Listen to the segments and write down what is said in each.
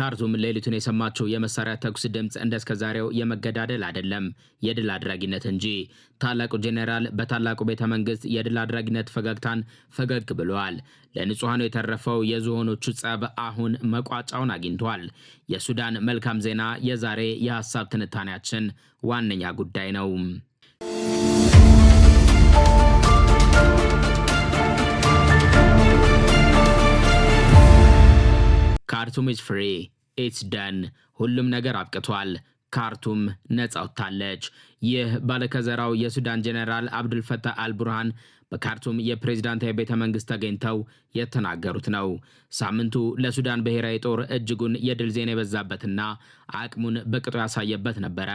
ካርቱም ሌሊቱን የሰማችው የመሳሪያ ተኩስ ድምፅ እንደስከዛሬው የመገዳደል አይደለም፣ የድል አድራጊነት እንጂ። ታላቁ ጄኔራል በታላቁ ቤተ መንግስት የድል አድራጊነት ፈገግታን ፈገግ ብለዋል። ለንጹሐኑ የተረፈው የዝሆኖቹ ጸብ አሁን መቋጫውን አግኝቷል። የሱዳን መልካም ዜና የዛሬ የሀሳብ ትንታኔያችን ዋነኛ ጉዳይ ነው። ካርቱም ኢዝ ፍሪ ኢትስ ደን፣ ሁሉም ነገር አብቅቷል፣ ካርቱም ነጻ ወጥታለች። ይህ ባለከዘራው የሱዳን ጀኔራል አብዱልፈታህ አልቡርሃን በካርቱም የፕሬዝዳንታዊ ቤተ መንግስት ተገኝተው የተናገሩት ነው። ሳምንቱ ለሱዳን ብሔራዊ ጦር እጅጉን የድል ዜና የበዛበትና አቅሙን በቅጡ ያሳየበት ነበረ።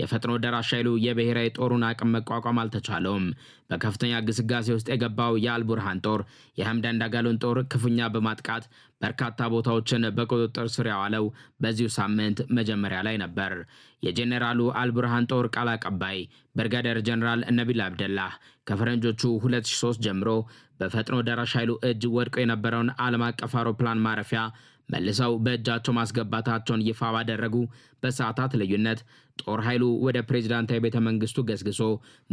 የፈጥኖ ደራሽ ኃይሉ የብሔራዊ ጦሩን አቅም መቋቋም አልተቻለውም። በከፍተኛ ግስጋሴ ውስጥ የገባው የአልቡርሃን ጦር የሐምዳን ዳጋሎን ጦር ክፉኛ በማጥቃት በርካታ ቦታዎችን በቁጥጥር ስር ያዋለው በዚሁ ሳምንት መጀመሪያ ላይ ነበር። የጄኔራሉ አልቡርሃን ጦር ቃል ቃል አቀባይ ብርጋዴር ጀኔራል ነቢል አብደላ ከፈረንጆቹ 2003 ጀምሮ በፈጥኖ ደራሽ ኃይሉ እጅ ወድቆ የነበረውን ዓለም አቀፍ አውሮፕላን ማረፊያ መልሰው በእጃቸው ማስገባታቸውን ይፋ ባደረጉ በሰዓታት ልዩነት ጦር ኃይሉ ወደ ፕሬዚዳንታዊ ቤተ መንግስቱ ገስግሶ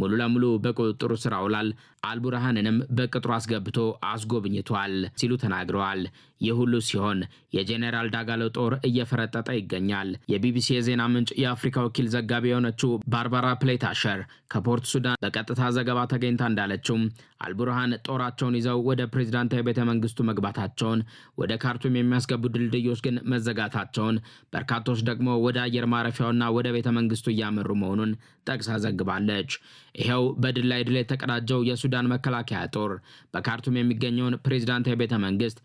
ሙሉ ለሙሉ በቁጥጥሩ ስር አውሏል። አልቡርሃንንም በቅጥሩ አስገብቶ አስጎብኝቷል ሲሉ ተናግረዋል። ይህ ሁሉ ሲሆን የጄኔራል ዳጋሎ ጦር እየፈረጠጠ ይገኛል። የቢቢሲ የዜና ምንጭ የአፍሪካ ወኪል ዘጋቢ የሆነችው ባርባራ ፕሌታሸር ከፖርት ሱዳን በቀጥታ ዘገባ ተገኝታ እንዳለችው አልቡርሃን ጦራቸውን ይዘው ወደ ፕሬዝዳንታዊ ቤተ መንግስቱ መግባታቸውን፣ ወደ ካርቱም የሚያስገቡ ድልድዮች ግን መዘጋታቸውን፣ በርካቶች ደግሞ ወደ አየር ማረፊያውና ወደ ቤተ መንግስቱ እያመሩ መሆኑን ጠቅሳ ዘግባለች። ይኸው በድል ላይ ድል የተቀዳጀው የሱዳን መከላከያ ጦር በካርቱም የሚገኘውን ፕሬዝዳንታዊ ቤተ መንግስት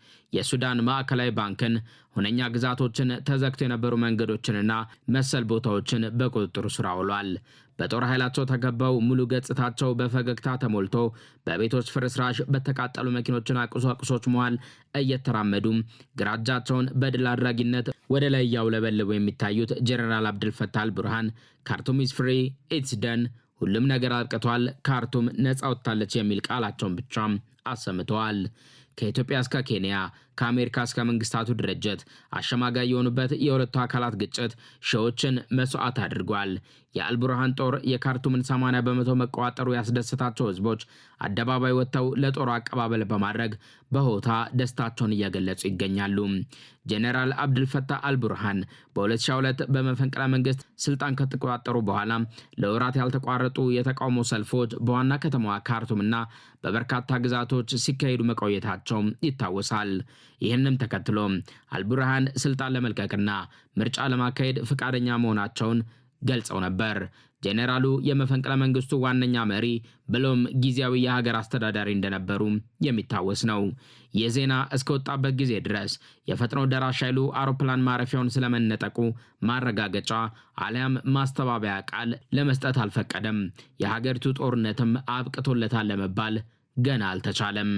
ሱዳን ማዕከላዊ ባንክን፣ ሁነኛ ግዛቶችን፣ ተዘግቶ የነበሩ መንገዶችንና መሰል ቦታዎችን በቁጥጥሩ ስር አውሏል። በጦር ኃይላቸው ተከበው ሙሉ ገጽታቸው በፈገግታ ተሞልቶ በቤቶች ፍርስራሽ በተቃጠሉ መኪኖችና ቁሳቁሶች መሃል እየተራመዱም ግራ እጃቸውን በድል አድራጊነት ወደ ላይ እያውለበለቡ የሚታዩት ጀኔራል አብድልፈታል ብርሃን ካርቱም ኢዝ ፍሪ ኢትስ ደን ሁሉም ነገር አብቅቷል፣ ካርቱም ነፃ ወጥታለች የሚል ቃላቸውን ብቻ አሰምተዋል። ከኢትዮጵያ እስከ ኬንያ፣ ከአሜሪካ እስከ መንግስታቱ ድርጅት አሸማጋይ የሆኑበት የሁለቱ አካላት ግጭት ሺዎችን መስዋዕት አድርጓል። የአልቡርሃን ጦር የካርቱምን 80 በመቶ መቆጣጠሩ ያስደሰታቸው ህዝቦች አደባባይ ወጥተው ለጦሩ አቀባበል በማድረግ በሆታ ደስታቸውን እየገለጹ ይገኛሉ። ጀነራል አብድልፈታህ አልቡርሃን በ2002 በመፈንቅለ መንግስት ስልጣን ከተቆጣጠሩ በኋላ ለወራት ያልተቋረጡ የተቃውሞ ሰልፎች በዋና ከተማዋ ካርቱምና በበርካታ ግዛቶች ሲካሄዱ መቆየታቸው ይታወሳል። ይህንም ተከትሎ አልቡርሃን ስልጣን ለመልቀቅና ምርጫ ለማካሄድ ፈቃደኛ መሆናቸውን ገልጸው ነበር። ጄኔራሉ የመፈንቅለ መንግስቱ ዋነኛ መሪ ብሎም ጊዜያዊ የሀገር አስተዳዳሪ እንደነበሩ የሚታወስ ነው። ይህ ዜና እስከወጣበት ጊዜ ድረስ የፈጥኖ ደራሽ ኃይሉ አውሮፕላን ማረፊያውን ስለመነጠቁ ማረጋገጫ አሊያም ማስተባበያ ቃል ለመስጠት አልፈቀደም። የሀገሪቱ ጦርነትም አብቅቶለታል ለመባል ገና አልተቻለም።